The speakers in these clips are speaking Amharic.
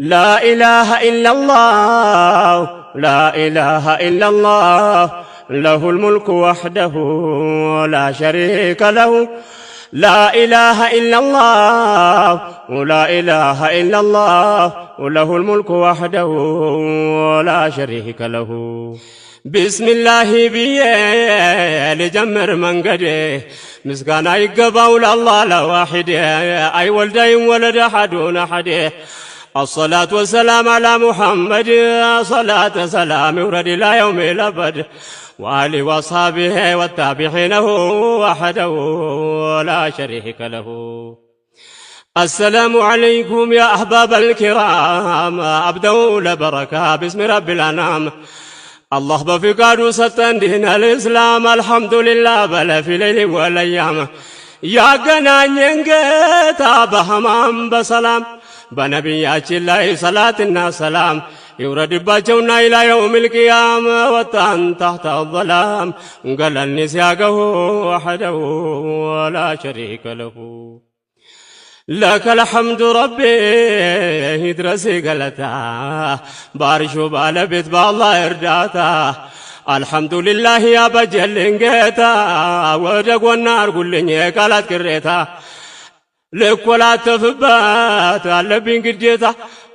لا إله إلا الله لا إله إلا الله له الملك وحده لا شريك له لا إله إلا الله ولا إله إلا الله وله الملك وحده ولا شريك له بسم الله بي لجمر من قده مسكان يقبول الله لواحده أي ولد يولد أحد أحده الصلاة والسلام على محمد صلاة سلام ورد إلى يوم الأبد وآله وأصحابه والتابعينه وحده ولا شريك له السلام عليكم يا أحباب الكرام أبدوا لبركة باسم رب الأنام الله بفقاد سطن دين الإسلام الحمد لله بل في ليل والأيام يا قنان ينقطع بهمام بسلام በነቢያችን ላይ ሰላትና ሰላም ይውረድባቸውና ኢላ የውሚል ወጣን ታህታ አላም ገለኒ ሲያገሁ ወሐደሁ ወላ ሸሪከ ለሁ ለከል ሐምዱ ረቤ ይድረስ ገለታ ባርሹ ባለቤት በአላህ እርዳታ አልሐምዱሊላህ ያበጀልን ጌታ ወደ ጎና አርጉልኝ የቃላት ቅሬታ ልኮላተፍበት አለብኝ ግዴታ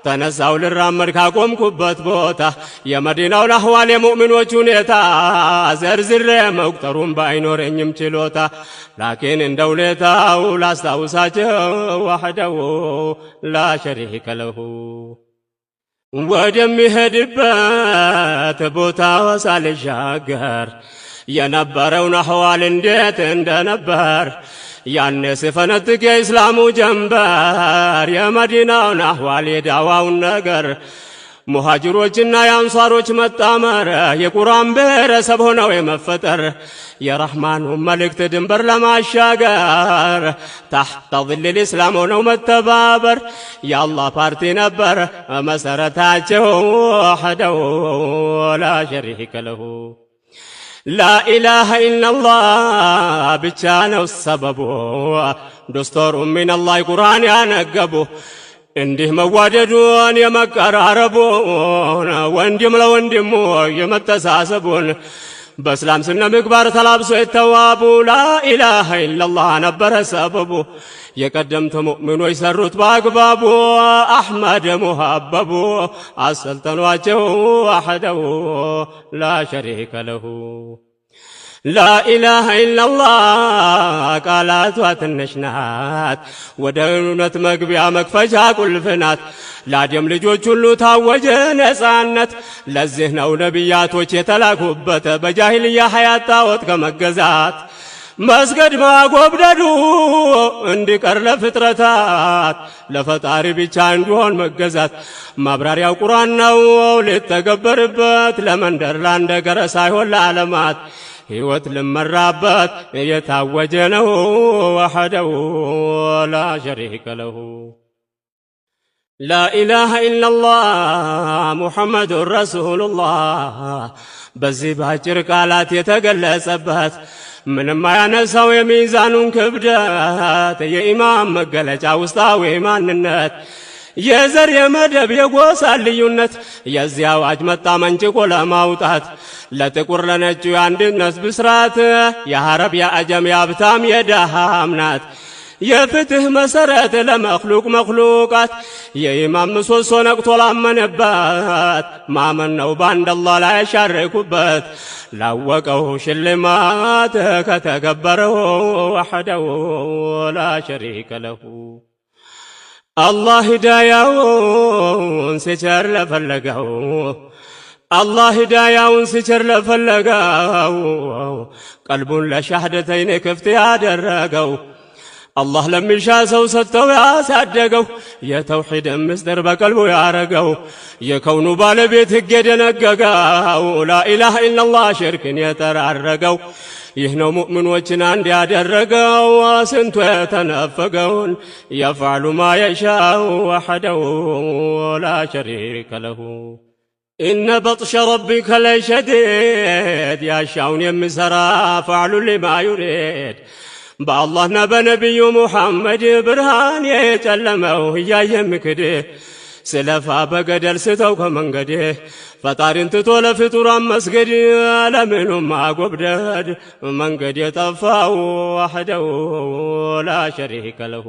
ተነሳው ልራመድ ካቆምኩበት ቦታ የመዲናውን አህዋል የሙእሚኖች ሁኔታ ዘርዝሬ መቁጠሩን ባይኖረኝም ችሎታ ላኪን እንደ ውሌታው ላስታውሳቸው ዋሕደው ላሸሪከ ለሁ ወደሚሄድበት ቦታ ሳልሻገር የነበረውን አህዋል እንዴት እንደነበር ያነ ስፈነጥቅ የእስላሙ ጀንበር የመዲናውን አህዋል የዳዋውን ነገር ሙሃጅሮችና የአንሷሮች መጣመር የቁራን ብሔረሰብ ሆነው የመፈጠር የረሕማኑን መልእክት ድንበር ለማሻገር ታሕተ ظሊል ኢስላም ሆነው መተባበር የአላህ ፓርቲ ነበር መሰረታቸው ወሕደሁ ላ ሸሪከ ለሁ ላኢላሃ ኢለላህ ብቻ ነው ሰበቡ። ዶስቶሩ ሚነላህ ቁርአን ያነገቡ እንዲህ መዋደዱን የመቀራረቡን ወንድም ለወንድሙ የመተሳሰቡን በእስላም ስነ ምግባር ተላብሶ የተዋቡ ላኢላሃ ኢለላህ ነበረ ሰበቡ የቀደምት ሙእሚኖች ሰሩት በአግባቡ አሕመድ ሙሃበቡ አሰልጠኗቸው ዋሕደው ላ ለሁ ላኢላሃ ኢላላህ ቃላቷ ትንሽ ናት፣ ወደ እውነት መግቢያ መክፈቻ ቁልፍ ናት። ለአደም ልጆች ሁሉ ታወጀ ነፃነት። ለዚህ ነው ነቢያቶች የተላኩበት በጃሂልያ ሀያት ጣዖት ከመገዛት መስገድ ማጎብደዱ እንዲቀር ለፍጥረታት ለፈጣሪ ብቻ እንዲሆን መገዛት ማብራሪያው ቁርአን ነው ሊተገበርበት ለመንደር ላንደገረ ሳይሆን ለዓለማት ሕይወት ልመራበት እየታወጀ ነው ወሐደው ላ ሸሪከ ለሁ ላኢላሃ ኢላላህ ሙሐመዱን ረሱሉላህ በዚህ በአጭር ቃላት የተገለጸበት ምንም አያነሳው የሚዛኑን ክብደት የኢማም መገለጫ ውስጣዊ ማንነት የዘር የመደብ የጎሳ ልዩነት የዚያ አዋጅ መጣ መንጭቆ ለማውጣት ለጥቁር ለነጩ የአንድነት ብስራት የሐረብ የአጀም የሀብታም የደሃም ናት። የፍትህ መሰረት ለመክሉቅ መክሉቃት የኢማም ምሰሶ ነቅቶ ላመነባት ማመን ነው ባንድ አላህ ላይ ያሻረኩበት ላወቀው ሽልማት ከተከበረው ወሐደው ላ ሸሪከ ለሁ الله هداياون ونسجر لفلقاو الله هداياون ونسجر لفلقاو قلب لا لشهدتين كفتي عدرقاو الله لم يشاء سو ستو يا سادقو يا توحيد مصدر بقلبو يا رقو يا كونو بالبيت قد نققاو لا اله الا الله شرك يترعرقو ይህ ነው ሙእምኖችን አንድ ያደረገው ስንቱ يفعل ما يشاء وحده ولا شريك له إن بطش ربك لشديد يا شاون يمسرا فعلوا لما يريد الله نبى نبي محمد برهان يتلمه يا يمكده ስለፋ በገደል ስተው ከመንገዴ ፈጣሪን ትቶ ለፍጡራን መስገድ አለምኑም አጎብደድ መንገድ የጠፋው ዋሕደው ላ ሸሪከ ለሁ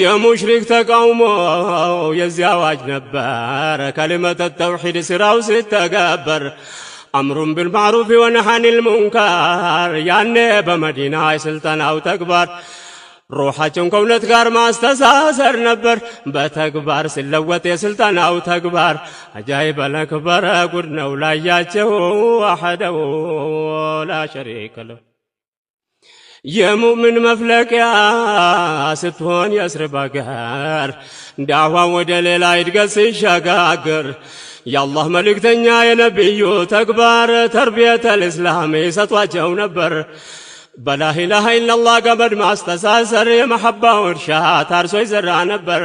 የሙሽሪክ ተቃውሞ የዚያ አዋጅ ነበር ከሊመተ ተውሒድ ስራው ሲተገበር አምሩን ብልማዕሩፍ ወነሃኒል ሙንካር ያኔ በመዲና የስልጠናው ተግባር ሮሃቸውን ከእውነት ጋር ማስተሳሰር ነበር በተግባር ሲለወጥ የስልጠናው ተግባር አጃይ በለክበረ ጉድ ነው ላያቸው አሐደው ላሸሪክ ለው የሙእምን መፍለቂያ ስትሆን የእስር አገር ዳዕዋን ወደ ሌላ እድገት ሲሸጋግር የአላህ መልእክተኛ የነቢዩ ተግባር ተርቢየተል እስላም ይሰጧቸው ነበር። በላኢላሃ ኢለላህ ገመድ ማስተሳሰር የመሐባውን ሻ ታርሶ ይዘራ ነበር።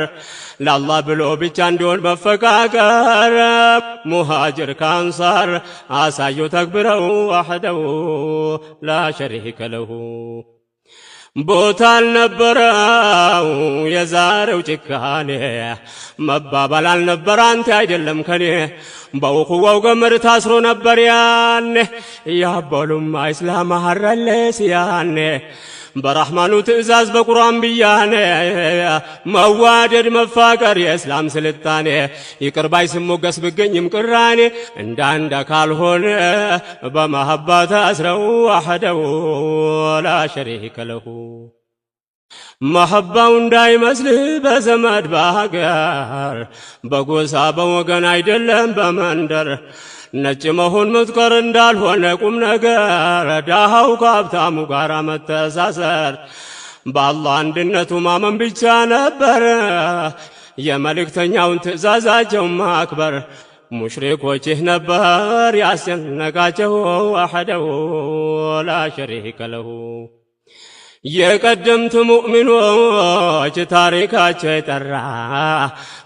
ለአላህ ብሎ ብቻ እንዲሆን መፈቃቀር ሙሃጅር ከአንሳር አሳዩ ተግብረው ዋሕደው ላ ለሁ ቦታ አልነበረው የዛሬው ጭካኔ መባባል አልነበረ አንተ አይደለም ከኔ በውኩዋው ገመድ ታስሮ ነበር ያኔ ያበሉም አይስላ ማሐረለስ ያኔ በራህማኑ ትእዛዝ በቁርአን ብያኔ መዋደድ መፋቀር የእስላም ስልጣኔ ይቅርባይ ስሞገስ ብገኝም ቅራኔ አንድ አካል ሆነ በማህባት አስረው አሐደው ላ ሸሪከ ለሁ መሐባው እንዳይመስልህ በዘመድ በሀገር በጎሳ በወገን አይደለም በመንደር ነጭ መሆን መጥቀር እንዳልሆነ ቁም ነገር ዳሃው ከሀብታሙ ጋር መተሳሰር በአላህ አንድነቱ ማመን ብቻ ነበር የመልእክተኛውን ትእዛዛቸው ማክበር። ሙሽሪኮች ይህ ነበር ያስጨነቃቸው፣ አሐደው ላ ለሁ። የቀደምት ሙእሚኖች ታሪካቸው የጠራ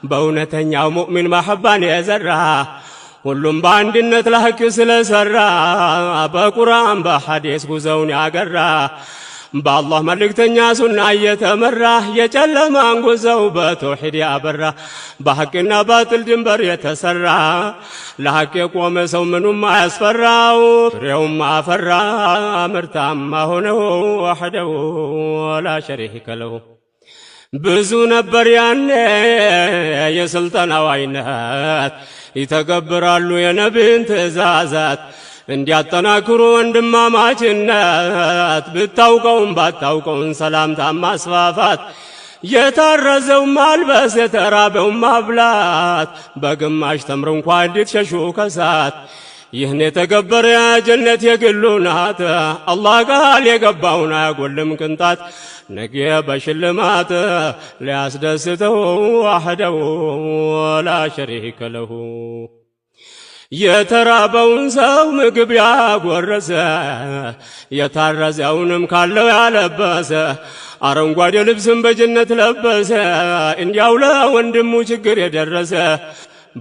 በእውነተኛው ሙእሚን ማሐባን የዘራ ሁሉም በአንድነት ለሐቂው ስለሰራ በቁርአን በሐዲስ ጉዞውን ያገራ በአላህ መልእክተኛ ሱና እየተመራ የጨለማን ጉዘው በተውሒድ ያበራ በሐቅና ባጥል ድንበር የተሰራ ለሐቅ የቆመ ሰው ምኑም አያስፈራው። ፍሬውም አፈራ ምርታማ ሆነው ወሐደው ወላ ሸሪከ ለሁ። ብዙ ነበር ያኔ የስልጠናው አይነት ይተገብራሉ የነብን ትእዛዛት እንዲያጠናክሩ ወንድማማችነት ብታውቀውም ባታውቀውን ሰላምታ ማስፋፋት የታረዘው ማልበስ የተራበው ማብላት በግማሽ ተምር እንኳ እንዲትሸሹ ከሳት ይህን የተገበረ ጀነት የግሉ ናት። አላህ ቃል የገባውን አያጎልም ቅንጣት። ነገ በሽልማት ሊያስደስተው አህደው ወላ ሸሪክ ለሁ የተራበውን ሰው ምግብ ያጎረሰ የታረዘውንም ካለው ያለበሰ አረንጓዴ ልብስም በጀነት ለበሰ እንዲያው ለወንድሙ ችግር የደረሰ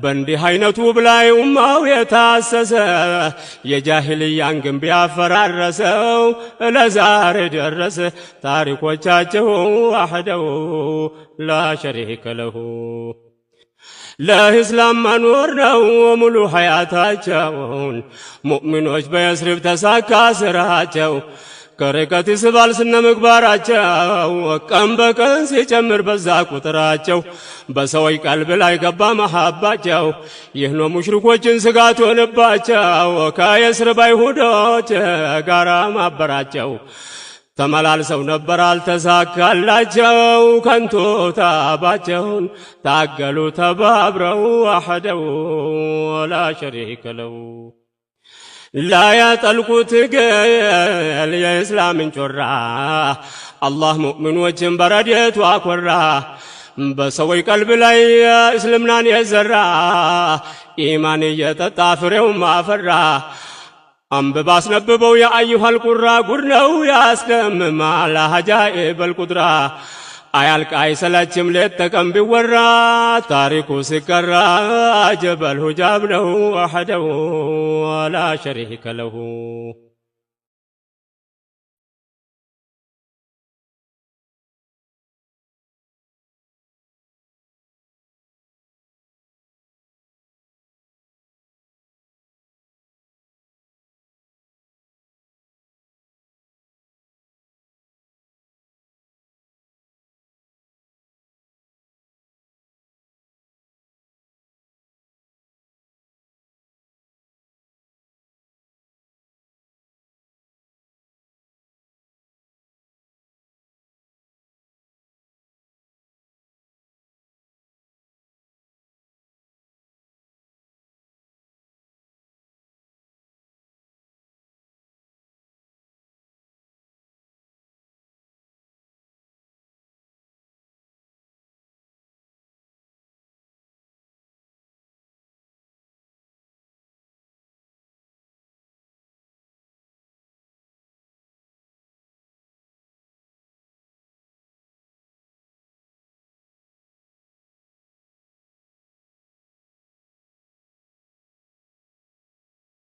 በእንዲህ አይነቱ ውብ ላይ ኡማው የታሰሰ የጃሂልያን ግንብ ያፈራረሰው ለዛሬ ደረሰ። ታሪኮቻቸው ዋሕደው ላሸሪከ ለሁ ለኢስላም መኖር ነው ሙሉ ሐያታቸውን ሙእሚኖች በየስሪብ ተሳካ ስራቸው ከርቀት ይስባል ስነ ምግባራቸው ቀን በቀን ሲጨምር በዛ ቁጥራቸው በሰዎች ቀልብ ላይ ገባ መሐባቸው ይህ ነው ሙሽሪኮችን ስጋት ሆነባቸው ከየስር ባይሁዶች ጋራ ማበራቸው ተመላልሰው ነበር አልተሳካላቸው ከንቶ ታባቸውን ታገሉ ተባብረው አሐደው ላ ለው ላያጠልቁት ገል የእስላምን ጮራ አላህ ሙእሚኖችን በረድኤቱ አኮራ። በሰዎች ቀልብ ላይ እስልምናን የዘራ ኢማን እየጠጣ ፍሬው አፈራ አንብባ አስነብበው የአይኋል ቁራ ጉድ ነው ያስደምማል አጃኢበል ቁድራ አያልቅ አይሰላችም ሌት ተቀን ቢወራ ታሪኩ ሲቀራ ጀበል ሁጃብ ነው አሐደው ወላ ሸሪከ ለሁ